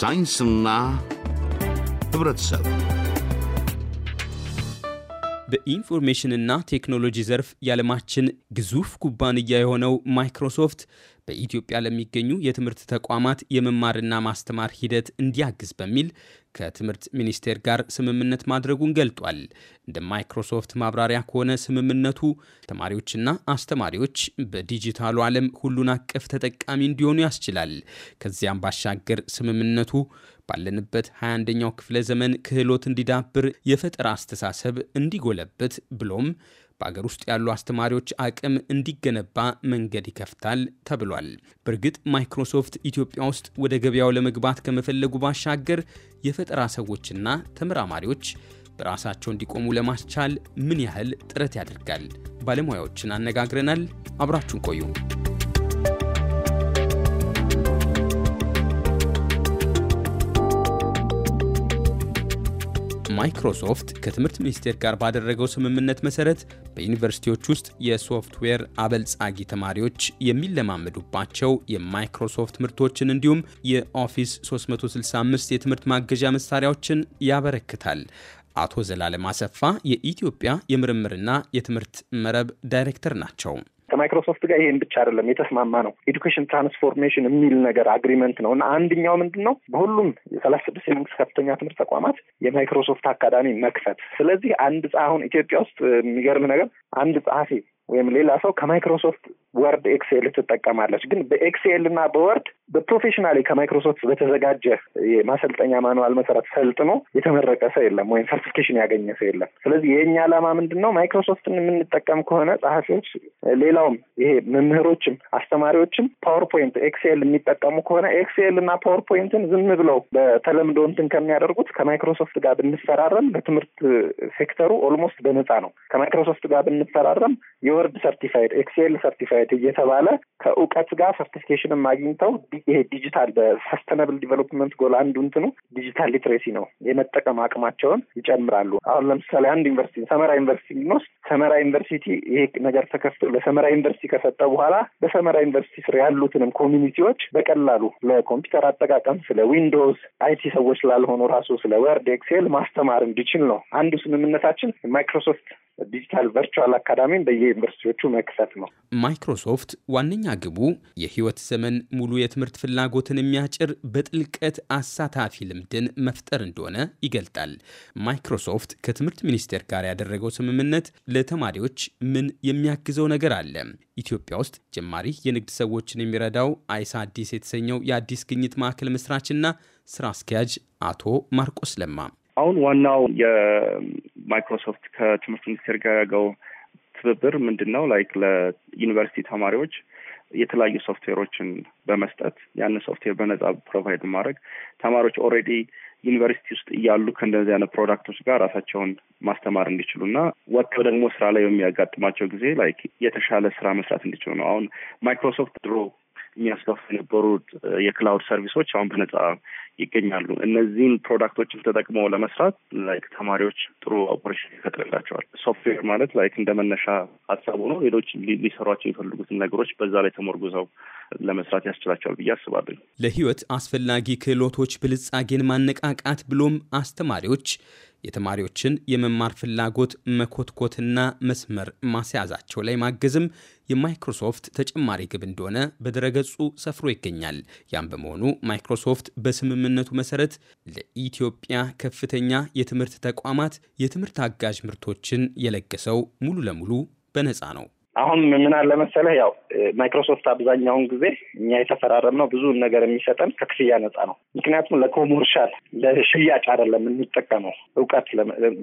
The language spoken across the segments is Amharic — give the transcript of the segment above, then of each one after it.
ሳይንስና ህብረተሰብ በኢንፎርሜሽንና ቴክኖሎጂ ዘርፍ የዓለማችን ግዙፍ ኩባንያ የሆነው ማይክሮሶፍት በኢትዮጵያ ለሚገኙ የትምህርት ተቋማት የመማርና ማስተማር ሂደት እንዲያግዝ በሚል ከትምህርት ሚኒስቴር ጋር ስምምነት ማድረጉን ገልጧል። እንደ ማይክሮሶፍት ማብራሪያ ከሆነ ስምምነቱ ተማሪዎችና አስተማሪዎች በዲጂታሉ ዓለም ሁሉን አቀፍ ተጠቃሚ እንዲሆኑ ያስችላል። ከዚያም ባሻገር ስምምነቱ ባለንበት 21ኛው ክፍለ ዘመን ክህሎት እንዲዳብር የፈጠራ አስተሳሰብ እንዲጎለበት ብሎም በአገር ውስጥ ያሉ አስተማሪዎች አቅም እንዲገነባ መንገድ ይከፍታል ተብሏል። በእርግጥ ማይክሮሶፍት ኢትዮጵያ ውስጥ ወደ ገበያው ለመግባት ከመፈለጉ ባሻገር የፈጠራ ሰዎችና ተመራማሪዎች በራሳቸው እንዲቆሙ ለማስቻል ምን ያህል ጥረት ያደርጋል? ባለሙያዎችን አነጋግረናል። አብራችሁን ቆዩ። ማይክሮሶፍት ከትምህርት ሚኒስቴር ጋር ባደረገው ስምምነት መሰረት በዩኒቨርሲቲዎች ውስጥ የሶፍትዌር አበልጻጊ ተማሪዎች የሚለማመዱባቸው የማይክሮሶፍት ምርቶችን እንዲሁም የኦፊስ 365 የትምህርት ማገዣ መሳሪያዎችን ያበረክታል። አቶ ዘላለም አሰፋ የኢትዮጵያ የምርምርና የትምህርት መረብ ዳይሬክተር ናቸው። ከማይክሮሶፍት ጋር ይሄን ብቻ አይደለም የተስማማ ነው። ኤዱኬሽን ትራንስፎርሜሽን የሚል ነገር አግሪመንት ነው እና አንድኛው ምንድን ነው በሁሉም የሰላሳ ስድስት የመንግስት ከፍተኛ ትምህርት ተቋማት የማይክሮሶፍት አካዳሚ መክፈት። ስለዚህ አንድ አሁን ኢትዮጵያ ውስጥ የሚገርም ነገር አንድ ጸሐፊ ወይም ሌላ ሰው ከማይክሮሶፍት ወርድ ኤክሴል ትጠቀማለች፣ ግን በኤክሴል እና በወርድ በፕሮፌሽናል ከማይክሮሶፍት በተዘጋጀ የማሰልጠኛ ማኑዋል መሰረት ሰልጥኖ የተመረቀ ሰው የለም ወይም ሰርቲፊኬሽን ያገኘ ሰው የለም። ስለዚህ የእኛ ዓላማ ምንድን ነው? ማይክሮሶፍትን የምንጠቀም ከሆነ ጸሐፊዎች፣ ሌላውም ይሄ መምህሮችም አስተማሪዎችም ፓወርፖይንት፣ ኤክስኤል የሚጠቀሙ ከሆነ ኤክስኤል እና ፓወርፖይንትን ዝም ብለው በተለምዶ እንትን ከሚያደርጉት ከማይክሮሶፍት ጋር ብንፈራረም በትምህርት ሴክተሩ ኦልሞስት በነፃ ነው። ከማይክሮሶፍት ጋር ብንፈራረም የወርድ ሰርቲፋይድ፣ ኤክስኤል ሰርቲፋይድ እየተባለ ከእውቀት ጋር ሰርቲፊኬሽንም አግኝተው ይሄ ዲጂታል በሰስተናብል ዲቨሎፕመንት ጎል አንዱ እንትኑ ዲጂታል ሊትሬሲ ነው። የመጠቀም አቅማቸውን ይጨምራሉ። አሁን ለምሳሌ አንድ ዩኒቨርሲቲ ሰመራ ዩኒቨርሲቲ ብንወስድ ሰመራ ዩኒቨርሲቲ ይሄ ነገር ተከፍቶ ለሰመራ ዩኒቨርሲቲ ከሰጠ በኋላ በሰመራ ዩኒቨርሲቲ ስር ያሉትንም ኮሚኒቲዎች በቀላሉ ለኮምፒውተር አጠቃቀም ስለ ዊንዶውስ አይቲ ሰዎች ላልሆኑ ራሱ ስለ ወርድ ኤክሴል ማስተማር እንዲችል ነው አንዱ ስምምነታችን ማይክሮሶፍት ዲጂታል ቨርቹዋል አካዳሚን በየዩኒቨርሲቲዎቹ መክፈት ነው። ማይክሮሶፍት ዋነኛ ግቡ የህይወት ዘመን ሙሉ የትምህርት የትምህርት ፍላጎትን የሚያጭር በጥልቀት አሳታፊ ልምድን መፍጠር እንደሆነ ይገልጣል። ማይክሮሶፍት ከትምህርት ሚኒስቴር ጋር ያደረገው ስምምነት ለተማሪዎች ምን የሚያግዘው ነገር አለ? ኢትዮጵያ ውስጥ ጀማሪ የንግድ ሰዎችን የሚረዳው አይሳ አዲስ የተሰኘው የአዲስ ግኝት ማዕከል መስራችና ስራ አስኪያጅ አቶ ማርቆስ ለማ አሁን ዋናው የማይክሮሶፍት ከትምህርት ሚኒስቴር ጋር ያገው ትብብር ምንድን ነው ላይክ ለዩኒቨርሲቲ ተማሪዎች የተለያዩ ሶፍትዌሮችን በመስጠት ያንን ሶፍትዌር በነጻ ፕሮቫይድ ማድረግ ተማሪዎች ኦልሬዲ ዩኒቨርሲቲ ውስጥ እያሉ ከእንደዚህ አይነት ፕሮዳክቶች ጋር ራሳቸውን ማስተማር እንዲችሉ እና ወጥተው ደግሞ ስራ ላይ የሚያጋጥማቸው ጊዜ ላይክ የተሻለ ስራ መስራት እንዲችሉ ነው። አሁን ማይክሮሶፍት ድሮ የሚያስከፍሉ የነበሩት የክላውድ ሰርቪሶች አሁን በነጻ ይገኛሉ። እነዚህን ፕሮዳክቶችን ተጠቅመው ለመስራት ላይክ ተማሪዎች ጥሩ ኦፖሬሽን ይፈጥርላቸዋል። ሶፍትዌር ማለት ላይክ እንደ መነሻ ሀሳብ ሆኖ ሌሎች ሊሰሯቸው የፈልጉትን ነገሮች በዛ ላይ ተሞርጉዘው ለመስራት ያስችላቸዋል ብዬ አስባለሁ። ለህይወት አስፈላጊ ክህሎቶች ብልጻጌን ማነቃቃት ብሎም አስተማሪዎች የተማሪዎችን የመማር ፍላጎት መኮትኮትና መስመር ማስያዛቸው ላይ ማገዝም የማይክሮሶፍት ተጨማሪ ግብ እንደሆነ በድረገጹ ሰፍሮ ይገኛል። ያም በመሆኑ ማይክሮሶፍት በስምምነቱ መሰረት ለኢትዮጵያ ከፍተኛ የትምህርት ተቋማት የትምህርት አጋዥ ምርቶችን የለገሰው ሙሉ ለሙሉ በነፃ ነው። አሁን ምን አለ መሰለህ፣ ያው ማይክሮሶፍት አብዛኛውን ጊዜ እኛ የተፈራረምነው ብዙ ነገር የሚሰጠን ከክፍያ ነጻ ነው። ምክንያቱም ለኮመርሻል ለሽያጭ አይደለም የምንጠቀመው፣ እውቀት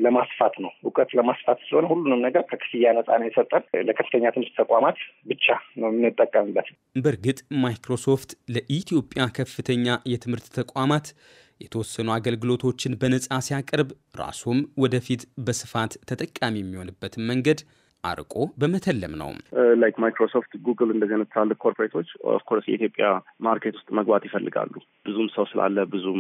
ለማስፋት ነው። እውቀት ለማስፋት ስለሆነ ሁሉንም ነገር ከክፍያ ነጻ ነው የሰጠን። ለከፍተኛ ትምህርት ተቋማት ብቻ ነው የምንጠቀምበት። በእርግጥ ማይክሮሶፍት ለኢትዮጵያ ከፍተኛ የትምህርት ተቋማት የተወሰኑ አገልግሎቶችን በነጻ ሲያቀርብ ራሱም ወደፊት በስፋት ተጠቃሚ የሚሆንበትን መንገድ አርቆ በመተለም ነው። ላይክ ማይክሮሶፍት፣ ጉግል እንደዚህ አይነት ትላልቅ ኮርፖሬቶች ኦፍኮርስ የኢትዮጵያ ማርኬት ውስጥ መግባት ይፈልጋሉ። ብዙም ሰው ስላለ ብዙም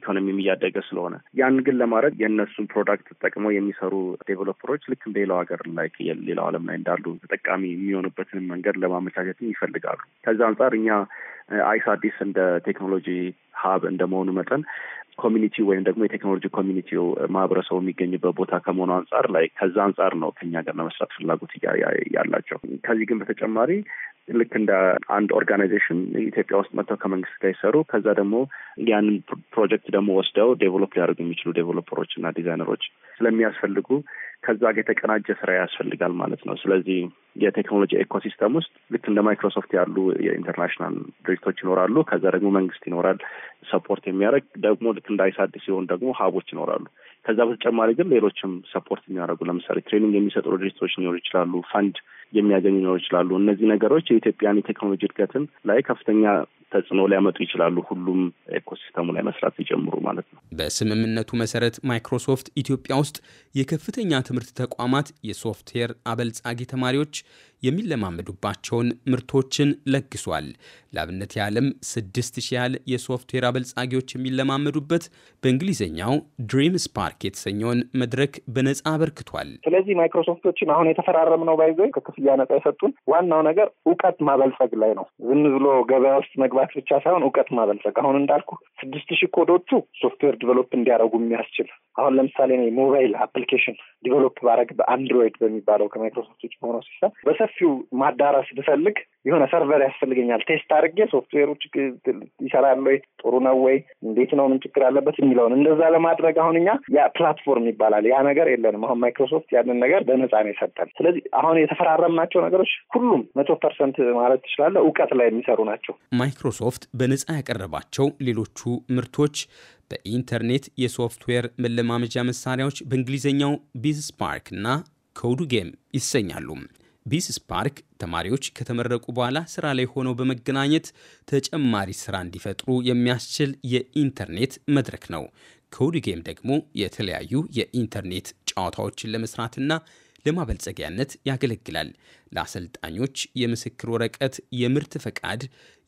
ኢኮኖሚም እያደገ ስለሆነ ያን ግን ለማድረግ የእነሱን ፕሮዳክት ተጠቅመው የሚሰሩ ዴቨሎፐሮች ልክ ሌላው ሀገር ላይ ሌላው ዓለም ላይ እንዳሉ ተጠቃሚ የሚሆኑበትን መንገድ ለማመቻቸትም ይፈልጋሉ። ከዛ አንጻር እኛ አይስ አዲስ እንደ ቴክኖሎጂ ሀብ እንደመሆኑ መጠን ኮሚኒቲ ወይም ደግሞ የቴክኖሎጂ ኮሚኒቲው ማህበረሰቡ የሚገኝበት ቦታ ከመሆኑ አንጻር ላይ ከዛ አንጻር ነው ከኛ ጋር ለመስራት ፍላጎት ያላቸው። ከዚህ ግን በተጨማሪ ልክ እንደ አንድ ኦርጋናይዜሽን ኢትዮጵያ ውስጥ መጥተው ከመንግስት ጋር ይሰሩ፣ ከዛ ደግሞ ያንን ፕሮጀክት ደግሞ ወስደው ዴቨሎፕ ሊያደርጉ የሚችሉ ዴቨሎፐሮች እና ዲዛይነሮች ስለሚያስፈልጉ ከዛ ጋር የተቀናጀ ስራ ያስፈልጋል ማለት ነው። ስለዚህ የቴክኖሎጂ ኢኮሲስተም ውስጥ ልክ እንደ ማይክሮሶፍት ያሉ የኢንተርናሽናል ድርጅቶች ይኖራሉ። ከዛ ደግሞ መንግስት ይኖራል ሰፖርት የሚያደርግ ደግሞ ልክ እንደ አይሳድ ሲሆን ደግሞ ሀቦች ይኖራሉ። ከዛ በተጨማሪ ግን ሌሎችም ሰፖርት የሚያደርጉ ለምሳሌ ትሬኒንግ የሚሰጡ ድርጅቶች ሊኖሩ ይችላሉ፣ ፈንድ የሚያገኙ ሊኖሩ ይችላሉ። እነዚህ ነገሮች የኢትዮጵያን የቴክኖሎጂ እድገትን ላይ ከፍተኛ ተጽዕኖ ሊያመጡ ይችላሉ፣ ሁሉም ኢኮሲስተሙ ላይ መስራት ሲጀምሩ ማለት ነው። በስምምነቱ መሰረት ማይክሮሶፍት ኢትዮጵያ ውስጥ የከፍተኛ ትምህርት ተቋማት የሶፍትዌር አበልጻጊ ተማሪዎች የሚለማመዱባቸውን ምርቶችን ለግሷል። ለአብነት ያህልም ስድስት ሺህ ያህል የሶፍትዌር አበልጻጊዎች የሚለማመዱበት በእንግሊዝኛው ድሪም ስፓርክ የተሰኘውን መድረክ በነጻ አበርክቷል። ስለዚህ ማይክሮሶፍቶችን አሁን የተፈራረምነው ባይዘ ከክፍያ ነጻ የሰጡን ዋናው ነገር እውቀት ማበልጸግ ላይ ነው። ዝም ብሎ ገበያ ውስጥ መግባት ብቻ ሳይሆን እውቀት ማበልጸግ። አሁን እንዳልኩ ስድስት ሺህ ኮዶቹ ሶፍትዌር ዲቨሎፕ እንዲያደርጉ የሚያስችል አሁን ለምሳሌ እኔ ሞባይል አፕሊኬሽን ዲቨሎፕ ባረግ በአንድሮይድ በሚባለው ከማይክሮሶፍት ውጭ በሆነው ሲስተም በሰፊው ማዳረስ ብፈልግ የሆነ ሰርቨር ያስፈልገኛል ቴስት አድርጌ ሶፍትዌሩ ይሰራል ወይ ጥሩ ነው ወይ እንዴት ነው ምን ችግር አለበት የሚለውን እንደዛ ለማድረግ አሁን እኛ ያ ፕላትፎርም ይባላል ያ ነገር የለንም። አሁን ማይክሮሶፍት ያንን ነገር በነፃ ነው የሰጠን። ስለዚህ አሁን የተፈራረምናቸው ነገሮች ሁሉም መቶ ፐርሰንት ማለት ትችላለህ እውቀት ላይ የሚሰሩ ናቸው። ማይክሮሶፍት በነፃ ያቀረባቸው ሌሎቹ ምርቶች በኢንተርኔት የሶፍትዌር መለማመጃ መሳሪያዎች በእንግሊዝኛው ቢዝ ስፓርክ እና ኮዱ ጌም ይሰኛሉ። ቢዝነስ ፓርክ ተማሪዎች ከተመረቁ በኋላ ስራ ላይ ሆነው በመገናኘት ተጨማሪ ስራ እንዲፈጥሩ የሚያስችል የኢንተርኔት መድረክ ነው። ኮድ ጌም ደግሞ የተለያዩ የኢንተርኔት ጨዋታዎችን ለመስራትና ለማበልጸጊያነት ያገለግላል። ለአሰልጣኞች የምስክር ወረቀት፣ የምርት ፈቃድ፣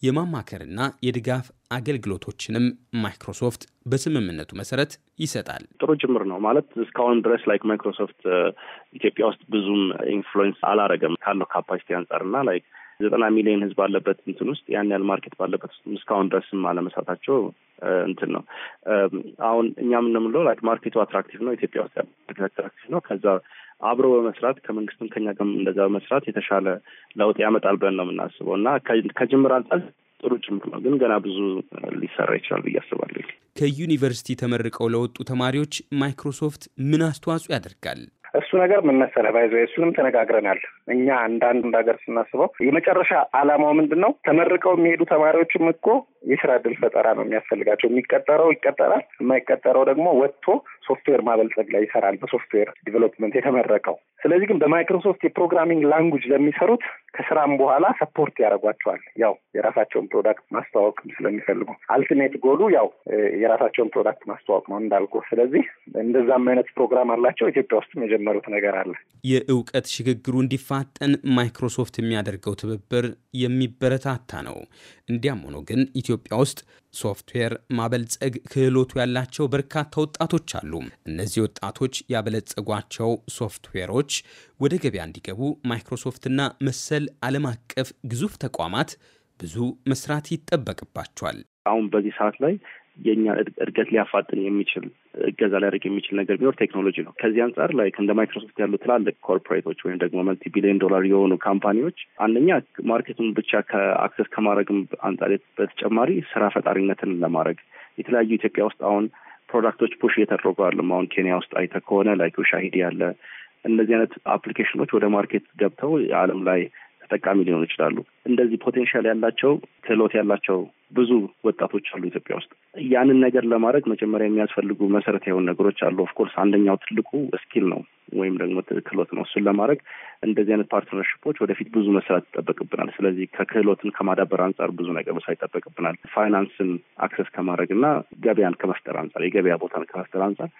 የማማከርና የድጋፍ አገልግሎቶችንም ማይክሮሶፍት በስምምነቱ መሰረት ይሰጣል። ጥሩ ጅምር ነው ማለት እስካሁን ድረስ ላይክ ማይክሮሶፍት ኢትዮጵያ ውስጥ ብዙም ኢንፍሉዌንስ አላረገም ካለው ካፓሲቲ አንጻርና ላይክ ዘጠና ሚሊዮን ህዝብ አለበት እንትን ውስጥ ያን ያህል ማርኬት ባለበት ውስጥ እስካሁን ድረስም አለመሳታቸው እንትን ነው። አሁን እኛ የምንምለው ላይክ ማርኬቱ አትራክቲቭ ነው፣ ኢትዮጵያ ውስጥ ያለ ማርኬት አትራክቲቭ ነው። ከዛ አብሮ በመስራት ከመንግስትም ከኛ ጋር እንደዛ በመስራት የተሻለ ለውጥ ያመጣል ብለን ነው የምናስበው እና ከጅምር አንጻር ጥሩ ጭምር ነው፣ ግን ገና ብዙ ሊሰራ ይችላል ብዬ አስባለሁ። ከዩኒቨርሲቲ ተመርቀው ለወጡ ተማሪዎች ማይክሮሶፍት ምን አስተዋጽኦ ያደርጋል? እሱ ነገር ምን መሰለህ ባይዘ እሱንም ተነጋግረናል። እኛ አንዳንድ ሀገር ስናስበው የመጨረሻ አላማው ምንድን ነው? ተመርቀው የሚሄዱ ተማሪዎችም እኮ የስራ እድል ፈጠራ ነው የሚያስፈልጋቸው። የሚቀጠረው ይቀጠራል፣ የማይቀጠረው ደግሞ ወጥቶ ሶፍትዌር ማበልጸግ ላይ ይሰራል፣ በሶፍትዌር ዲቨሎፕመንት የተመረቀው። ስለዚህ ግን በማይክሮሶፍት የፕሮግራሚንግ ላንጉጅ ለሚሰሩት ከስራም በኋላ ሰፖርት ያደርጓቸዋል። ያው የራሳቸውን ፕሮዳክት ማስተዋወቅም ስለሚፈልጉ አልቲሜት ጎሉ ያው የራሳቸውን ፕሮዳክት ማስተዋወቅ ነው እንዳልኩ። ስለዚህ እንደዛም አይነት ፕሮግራም አላቸው። ኢትዮጵያ ውስጥም የጀመሩት ነገር አለ። የእውቀት ሽግግሩ እንዲፋጠን ማይክሮሶፍት የሚያደርገው ትብብር የሚበረታታ ነው። እንዲያም ሆኖ ግን ኢትዮጵያ ውስጥ ሶፍትዌር ማበልጸግ ክህሎቱ ያላቸው በርካታ ወጣቶች አሉ። እነዚህ ወጣቶች ያበለጸጓቸው ሶፍትዌሮች ወደ ገበያ እንዲገቡ ማይክሮሶፍትና መሰል ዓለም አቀፍ ግዙፍ ተቋማት ብዙ መስራት ይጠበቅባቸዋል። አሁን በዚህ ሰዓት ላይ የእኛ እድገት ሊያፋጥን የሚችል እገዛ ሊያደርግ የሚችል ነገር ቢኖር ቴክኖሎጂ ነው። ከዚህ አንጻር ላይ እንደ ማይክሮሶፍት ያሉ ትላልቅ ኮርፖሬቶች ወይም ደግሞ መልቲ ቢሊዮን ዶላር የሆኑ ካምፓኒዎች አንደኛ ማርኬቱን ብቻ ከአክሰስ ከማድረግም አንጻር በተጨማሪ ስራ ፈጣሪነትን ለማድረግ የተለያዩ ኢትዮጵያ ውስጥ አሁን ፕሮዳክቶች ፑሽ እየተደረጉ አለም። አሁን ኬንያ ውስጥ አይተ ከሆነ ላይክ ሻሂድ ያለ እነዚህ አይነት አፕሊኬሽኖች ወደ ማርኬት ገብተው የዓለም ላይ ተጠቃሚ ሊሆኑ ይችላሉ። እንደዚህ ፖቴንሻል ያላቸው ክህሎት ያላቸው ብዙ ወጣቶች አሉ ኢትዮጵያ ውስጥ። ያንን ነገር ለማድረግ መጀመሪያ የሚያስፈልጉ መሰረታዊ የሆኑ ነገሮች አሉ። ኦፍኮርስ አንደኛው ትልቁ ስኪል ነው ወይም ደግሞ ክህሎት ነው። እሱን ለማድረግ እንደዚህ አይነት ፓርትነርሽፖች ወደፊት ብዙ መስራት ይጠበቅብናል። ስለዚህ ከክህሎትን ከማዳበር አንጻር ብዙ ነገር መስራት ይጠበቅብናል። ፋይናንስን አክሰስ ከማድረግ እና ገበያን ከመፍጠር አንጻር የገበያ ቦታን ከመፍጠር አንጻር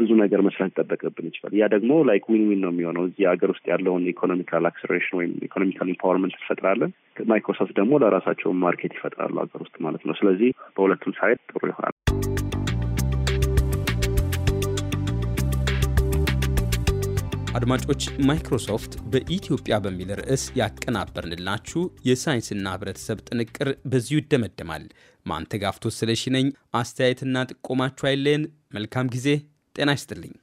ብዙ ነገር መስራት ይጠበቅብን ይችላል። ያ ደግሞ ላይክ ዊን ዊን ነው የሚሆነው። እዚህ ሀገር ውስጥ ያለውን ኢኮኖሚካል አክስሬሽን ወይም ኢኮኖሚካል ኢምፓወርመንት እንፈጥራለን። ማይክሮሶፍት ደግሞ ለራሳቸውን ማርኬት ይፈጥራሉ ሀገር ውስጥ ማለት ነው። ስለዚህ በሁለቱም ሳይድ ጥሩ ይሆናል። አድማጮች፣ ማይክሮሶፍት በኢትዮጵያ በሚል ርዕስ ያቀናበርንላችሁ የሳይንስና ሕብረተሰብ ጥንቅር በዚሁ ይደመደማል። ማንተጋፍቶ ስለሽነኝ አስተያየትና ጥቆማችሁ አይለየን። መልካም ጊዜ። ጤና ይስጥልኝ።